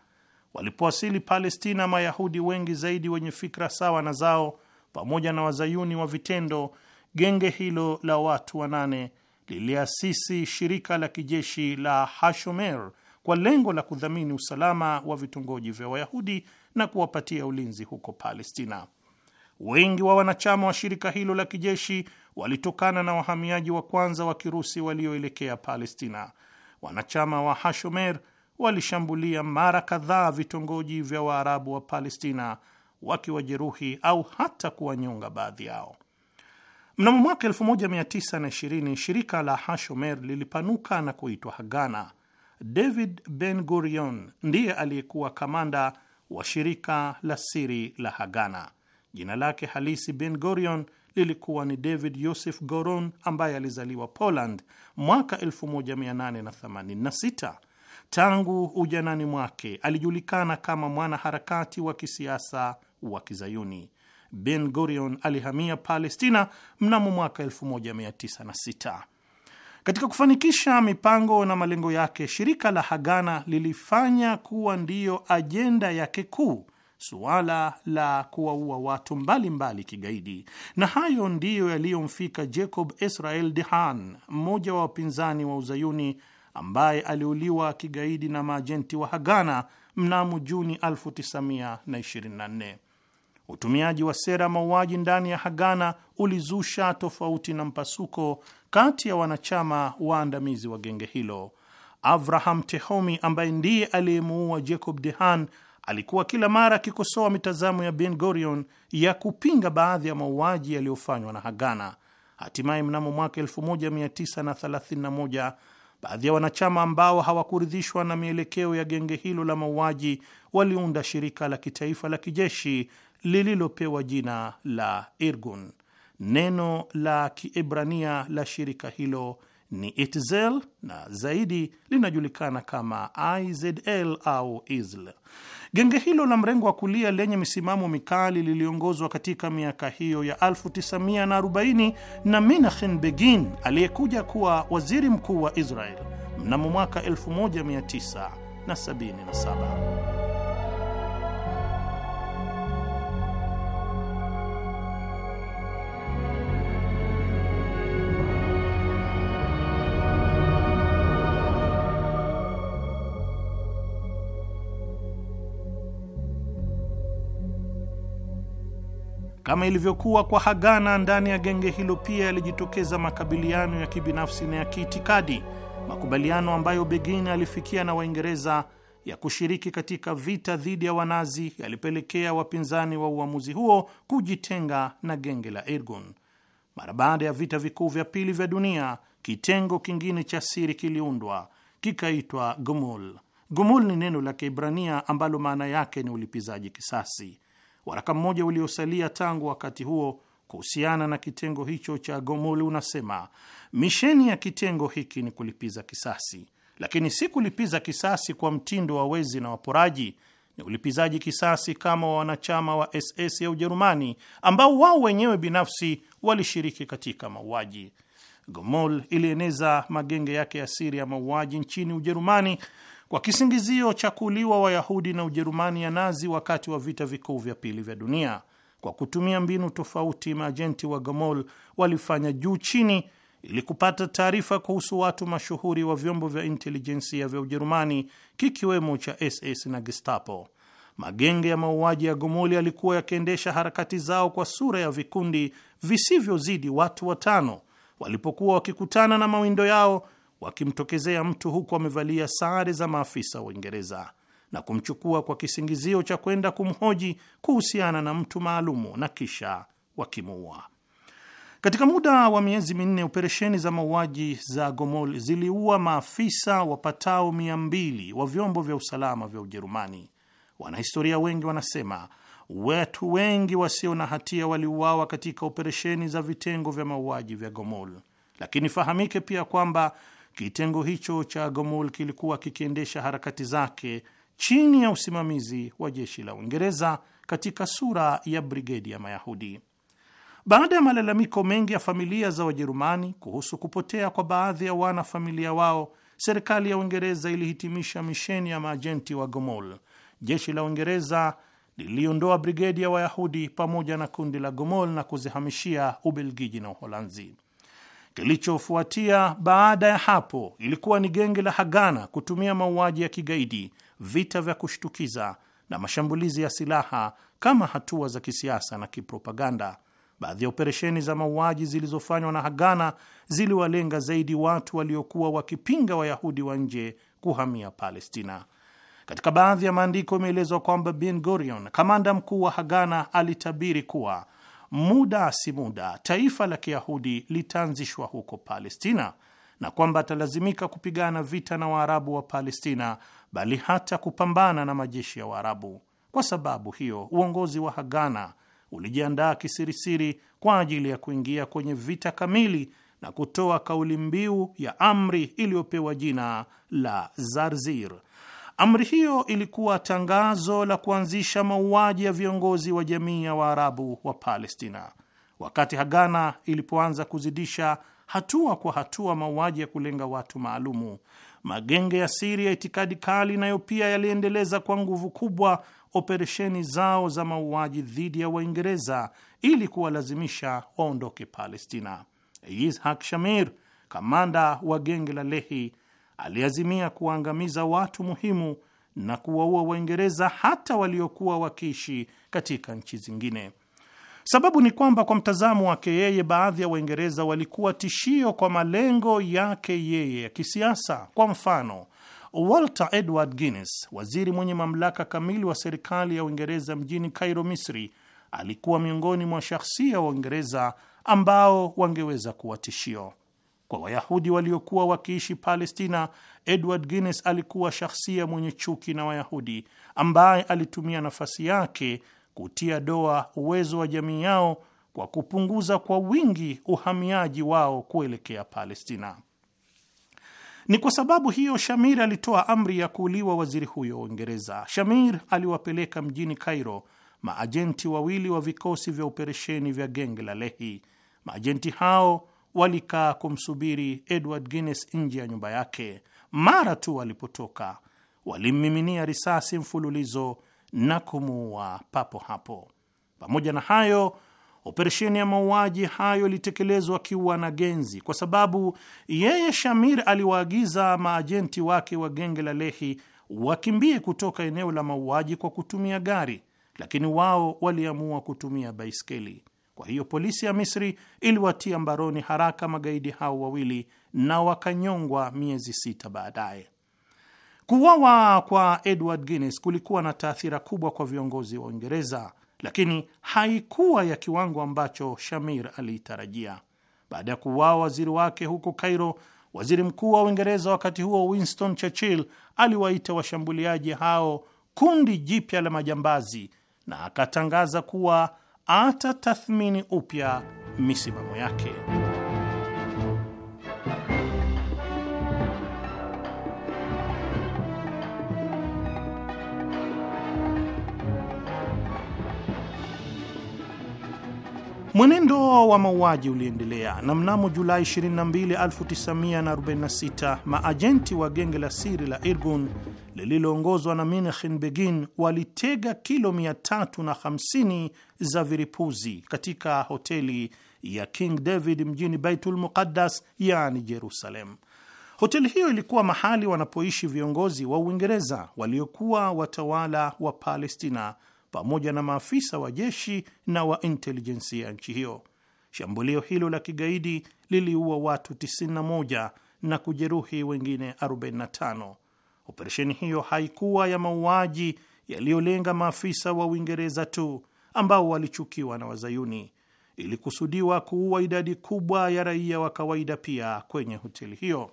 Walipowasili Palestina, Mayahudi wengi zaidi wenye fikra sawa na zao pamoja na wazayuni wa vitendo, genge hilo la watu wanane liliasisi shirika la kijeshi la Hashomer kwa lengo la kudhamini usalama wa vitongoji vya Wayahudi na kuwapatia ulinzi huko Palestina. Wengi wa wanachama wa shirika hilo la kijeshi walitokana na wahamiaji wa kwanza wa Kirusi walioelekea Palestina. Wanachama wa Hashomer walishambulia mara kadhaa vitongoji vya Waarabu wa Palestina, wakiwajeruhi au hata kuwanyonga baadhi yao. Mnamo mwaka 1920 shirika la Hashomer lilipanuka na kuitwa Hagana. David Ben Gurion ndiye aliyekuwa kamanda wa shirika la siri la Hagana. Jina lake halisi Ben Gurion lilikuwa ni David Yosef Goron ambaye alizaliwa Poland mwaka 1886. Tangu ujanani mwake alijulikana kama mwanaharakati wa kisiasa wa Kizayuni. Ben Gurion alihamia Palestina mnamo mwaka 1906. Katika kufanikisha mipango na malengo yake, shirika la Hagana lilifanya kuwa ndiyo ajenda yake kuu suala la kuwaua watu mbalimbali mbali kigaidi, na hayo ndiyo yaliyomfika Jacob Israel Dehan, mmoja wa wapinzani wa Uzayuni ambaye aliuliwa kigaidi na maajenti wa Hagana mnamo Juni 1924. Utumiaji wa sera mauaji ndani ya Hagana ulizusha tofauti na mpasuko kati ya wanachama waandamizi wa genge hilo. Avraham Tehomi ambaye ndiye aliyemuua Jacob Dehan alikuwa kila mara akikosoa mitazamo ya Ben Gurion ya kupinga baadhi ya mauaji yaliyofanywa na Hagana. Hatimaye mnamo mwaka 1931 baadhi ya wanachama ambao hawakuridhishwa na mielekeo ya genge hilo la mauaji waliunda shirika la kitaifa la kijeshi lililopewa jina la Irgun. Neno la Kiebrania la shirika hilo ni Itzel na zaidi linajulikana kama IZL au ISL. Genge hilo la mrengo wa kulia lenye misimamo mikali liliongozwa katika miaka hiyo ya 1940 na Menachem Begin aliyekuja kuwa waziri mkuu wa Israel mnamo mwaka 1977. Kama ilivyokuwa kwa Hagana, ndani ya genge hilo pia yalijitokeza makabiliano ya kibinafsi na ya kiitikadi, makubaliano ambayo Begin alifikia na Waingereza ya kushiriki katika vita dhidi ya Wanazi yalipelekea wapinzani wa uamuzi huo kujitenga na genge la Irgun. Mara baada ya vita vikuu vya pili vya dunia, kitengo kingine cha siri kiliundwa, kikaitwa Gumul. Gumul ni neno la Kiebrania ambalo maana yake ni ulipizaji kisasi. Waraka mmoja uliosalia tangu wakati huo kuhusiana na kitengo hicho cha Gomul unasema misheni ya kitengo hiki ni kulipiza kisasi, lakini si kulipiza kisasi kwa mtindo wa wezi na waporaji. Ni ulipizaji kisasi kama wa wanachama wa SS ya Ujerumani ambao wao wenyewe binafsi walishiriki katika mauaji. Gomol ilieneza magenge yake ya siri ya mauaji nchini Ujerumani kwa kisingizio cha kuuliwa Wayahudi na Ujerumani ya Nazi wakati wa vita vikuu vya pili vya dunia. Kwa kutumia mbinu tofauti, maajenti wa Gomol walifanya juu chini ili kupata taarifa kuhusu watu mashuhuri wa vyombo vya intelijensia vya Ujerumani, kikiwemo cha SS na Gestapo. Magenge ya mauaji ya Gomoli yalikuwa yakiendesha harakati zao kwa sura ya vikundi visivyozidi watu watano. Walipokuwa wakikutana na mawindo yao wakimtokezea mtu huku amevalia sare za maafisa wa Uingereza na kumchukua kwa kisingizio cha kwenda kumhoji kuhusiana na mtu maalumu na kisha wakimuua. Katika muda wa miezi minne, operesheni za mauaji za Gomol ziliua maafisa wapatao mia mbili wa vyombo vya usalama vya Ujerumani. Wanahistoria wengi wanasema watu wengi wasio na hatia waliuawa katika operesheni za vitengo vya mauaji vya Gomol, lakini fahamike pia kwamba Kitengo hicho cha Gomul kilikuwa kikiendesha harakati zake chini ya usimamizi wa jeshi la Uingereza katika sura ya brigedi ya Mayahudi. Baada ya malalamiko mengi ya familia za Wajerumani kuhusu kupotea kwa baadhi ya wanafamilia wao, serikali ya Uingereza ilihitimisha misheni ya maajenti wa Gomol. Jeshi la Uingereza liliondoa brigedi ya Wayahudi pamoja na kundi la Gomol na kuzihamishia Ubelgiji na Uholanzi. Kilichofuatia baada ya hapo ilikuwa ni genge la Hagana kutumia mauaji ya kigaidi, vita vya kushtukiza na mashambulizi ya silaha kama hatua za kisiasa na kipropaganda. Baadhi ya operesheni za mauaji zilizofanywa na Hagana ziliwalenga zaidi watu waliokuwa wakipinga Wayahudi wa nje kuhamia Palestina. Katika baadhi ya maandiko imeelezwa kwamba Ben Gurion, kamanda mkuu wa Hagana, alitabiri kuwa muda si muda taifa la Kiyahudi litaanzishwa huko Palestina na kwamba atalazimika kupigana vita na Waarabu wa Palestina, bali hata kupambana na majeshi ya Waarabu. Kwa sababu hiyo, uongozi wa Hagana ulijiandaa kisirisiri kwa ajili ya kuingia kwenye vita kamili na kutoa kauli mbiu ya amri iliyopewa jina la Zarzir Amri hiyo ilikuwa tangazo la kuanzisha mauaji ya viongozi wa jamii ya Waarabu wa Palestina. Wakati Hagana ilipoanza kuzidisha hatua kwa hatua mauaji ya kulenga watu maalumu, magenge ya siri ya itikadi kali nayo pia yaliendeleza kwa nguvu kubwa operesheni zao za mauaji dhidi ya Waingereza ili kuwalazimisha waondoke Palestina. Ishak Shamir, kamanda wa genge la Lehi, aliazimia kuwaangamiza watu muhimu na kuwaua Waingereza hata waliokuwa wakiishi katika nchi zingine. Sababu ni kwamba kwa mtazamo wake yeye, baadhi ya Waingereza walikuwa tishio kwa malengo yake yeye ya kisiasa. Kwa mfano, Walter Edward Guinness, waziri mwenye mamlaka kamili wa serikali ya Uingereza mjini Cairo, Misri, alikuwa miongoni mwa shahsia wa Uingereza ambao wangeweza kuwa tishio kwa Wayahudi waliokuwa wakiishi Palestina, Edward Guinness alikuwa shahsia mwenye chuki na Wayahudi ambaye alitumia nafasi yake kutia doa uwezo wa jamii yao kwa kupunguza kwa wingi uhamiaji wao kuelekea Palestina. Ni kwa sababu hiyo Shamir alitoa amri ya kuuliwa waziri huyo wa Uingereza. Shamir aliwapeleka mjini Kairo maajenti wawili wa vikosi vya operesheni vya genge la Lehi. Maajenti hao walikaa kumsubiri Edward Guinness nje ya nyumba yake. Mara tu walipotoka, walimmiminia risasi mfululizo na kumuua papo hapo. Pamoja na hayo, operesheni ya mauaji hayo ilitekelezwa akiwa na genzi kwa sababu yeye Shamir aliwaagiza maajenti wake wa genge la Lehi wakimbie kutoka eneo la mauaji kwa kutumia gari, lakini wao waliamua kutumia baiskeli. Kwa hiyo polisi ya Misri iliwatia mbaroni haraka magaidi hao wawili na wakanyongwa miezi sita baadaye. Kuuawa kwa Edward Guinness kulikuwa na taathira kubwa kwa viongozi wa Uingereza, lakini haikuwa ya kiwango ambacho Shamir aliitarajia. Baada ya kuuawa waziri wake huko Cairo, waziri mkuu wa Uingereza wakati huo Winston Churchill aliwaita washambuliaji hao kundi jipya la majambazi na akatangaza kuwa atatathmini upya misimamo yake. Mwenendo wa mauaji uliendelea na mnamo Julai 22, 1946 maajenti wa genge la siri la Irgun lililoongozwa na Menachem Begin walitega kilo 350 za viripuzi katika hoteli ya King David mjini Baitul Muqaddas, yaani Jerusalem. Hoteli hiyo ilikuwa mahali wanapoishi viongozi wa Uingereza waliokuwa watawala wa Palestina pamoja na maafisa wa jeshi na wa intelijensia ya nchi hiyo. Shambulio hilo la kigaidi liliua watu 91 na kujeruhi wengine 45. Operesheni hiyo haikuwa ya mauaji yaliyolenga maafisa wa Uingereza tu ambao walichukiwa na Wazayuni. Ilikusudiwa kuua idadi kubwa ya raia wa kawaida pia kwenye hoteli hiyo.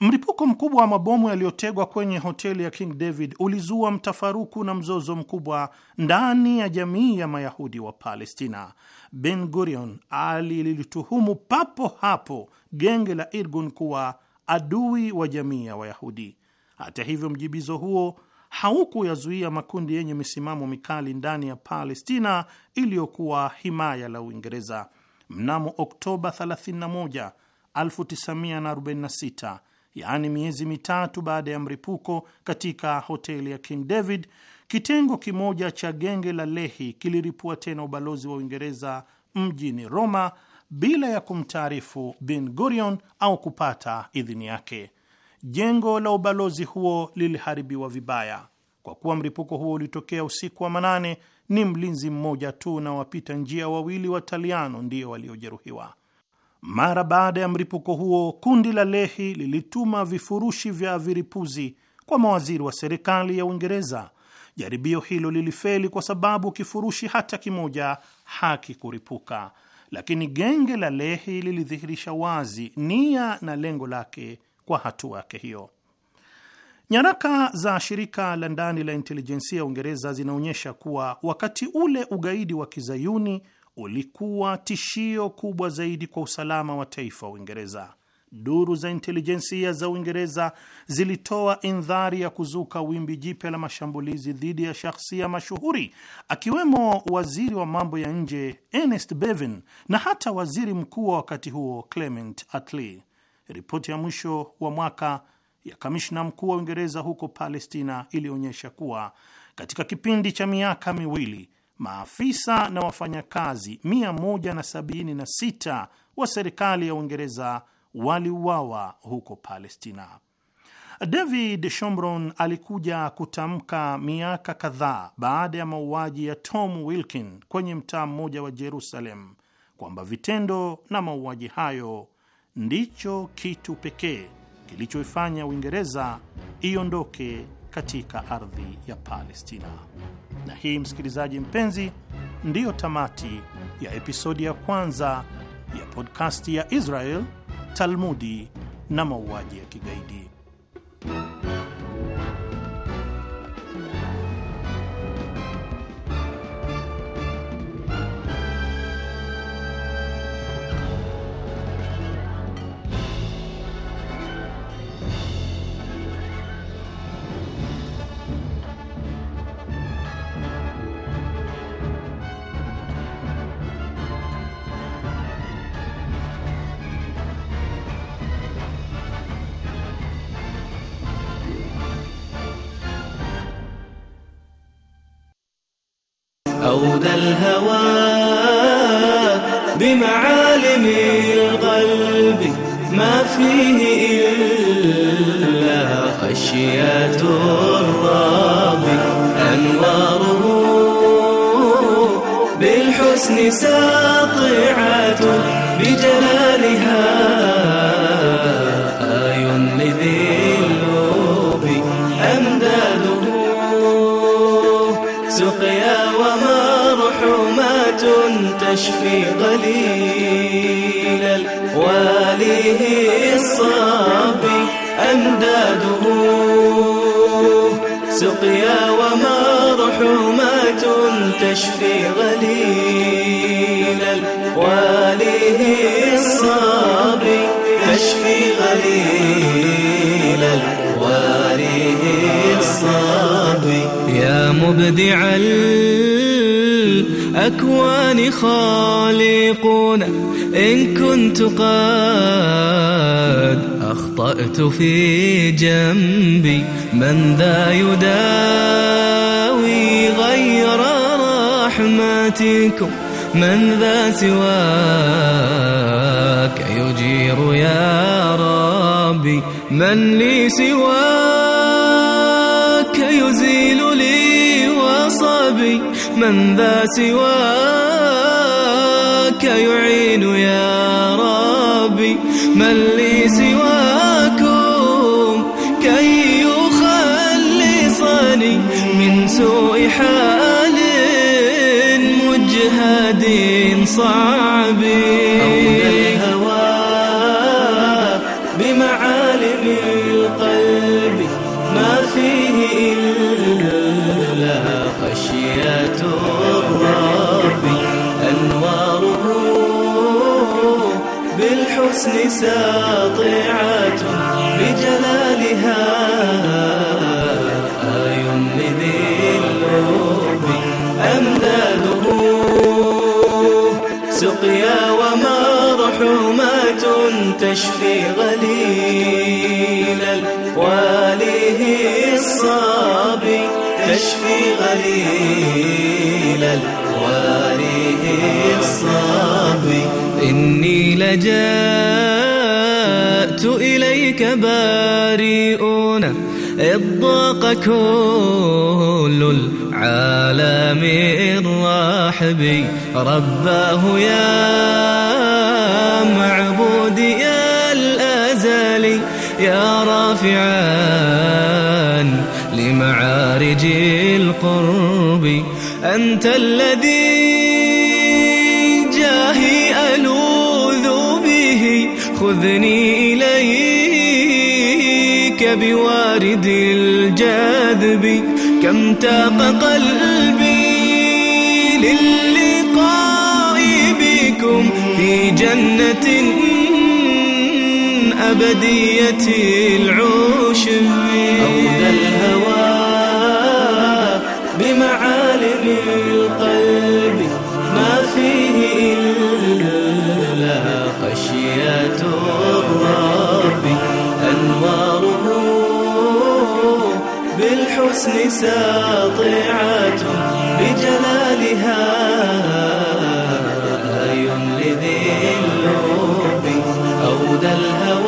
Mlipuko mkubwa wa mabomu yaliyotegwa kwenye hoteli ya King David ulizua mtafaruku na mzozo mkubwa ndani ya jamii ya Mayahudi wa Palestina. Ben Gurion alilituhumu papo hapo genge la Irgun kuwa adui wa jamii ya Wayahudi. Hata hivyo, mjibizo huo haukuyazuia makundi yenye misimamo mikali ndani ya Palestina iliyokuwa himaya la Uingereza. Mnamo Oktoba 31, 1946 yaani miezi mitatu baada ya mripuko katika hoteli ya King David, kitengo kimoja cha genge la Lehi kiliripua tena ubalozi wa Uingereza mjini Roma bila ya kumtaarifu Ben Gurion au kupata idhini yake. Jengo la ubalozi huo liliharibiwa vibaya. Kwa kuwa mripuko huo ulitokea usiku wa manane, ni mlinzi mmoja tu na wapita njia wawili wa Taliano ndiyo waliojeruhiwa. Mara baada ya mlipuko huo, kundi la Lehi lilituma vifurushi vya viripuzi kwa mawaziri wa serikali ya Uingereza. Jaribio hilo lilifeli kwa sababu kifurushi hata kimoja hakikuripuka, lakini genge la Lehi lilidhihirisha wazi nia na lengo lake kwa hatua yake hiyo. Nyaraka za shirika la ndani la intelijensia ya Uingereza zinaonyesha kuwa wakati ule ugaidi wa kizayuni ulikuwa tishio kubwa zaidi kwa usalama wa taifa wa Uingereza. Duru za intelijensia za Uingereza zilitoa indhari ya kuzuka wimbi jipya la mashambulizi dhidi ya shahsia mashuhuri akiwemo waziri wa mambo ya nje Ernest Bevin na hata waziri mkuu wa wakati huo Clement Attlee. Ripoti ya mwisho wa mwaka ya kamishna mkuu wa Uingereza huko Palestina ilionyesha kuwa katika kipindi cha miaka miwili maafisa na wafanyakazi 176 wa serikali ya Uingereza waliuawa huko Palestina. David Shomron alikuja kutamka miaka kadhaa baada ya mauaji ya Tom Wilkin kwenye mtaa mmoja wa Jerusalem kwamba vitendo na mauaji hayo ndicho kitu pekee kilichoifanya Uingereza iondoke katika ardhi ya Palestina. Na hii, msikilizaji mpenzi, ndiyo tamati ya episodi ya kwanza ya podkasti ya Israel, Talmudi na mauaji ya kigaidi. الهوى بمعالم القلب ما فيه إلا خشيات الرب أنواره بالحسن ساطعة بجلالها تشفي غليل واليه الصابي أنداده سقيا ومرحومات تشفي غليل واليه الصابي تشفي غليل واليه الصابي يا مبدع أكواني خالقون إن كنت قد أخطأت في جنبي من ذا يداوي غير رحمتكم من ذا سواك يجير يا ربي من لي سواك من ذا سواك يعين يا ربي من لي سواكم كي يخلصني من سوء حال مجهد صعب الحسن ساطعة بجلالها آي لذي اللب أمداده سقيا ومرحومات تشفي غليل واله الصابي تشفي غليل واله الصابي إني لجأت إليك بارئون إذ ضاق كل العالم الراحبي رباه يا معبود يا الأزلي يا رافعا لمعارج القرب أنت الذي خذني إليك بوارد الجاذب كم تاق قلبي للقاء بكم في جنة أبدية العشب أودى الهوى بمعالم القلب الحسن ساطعة بجلالها آي لذي اللب أودى الهوى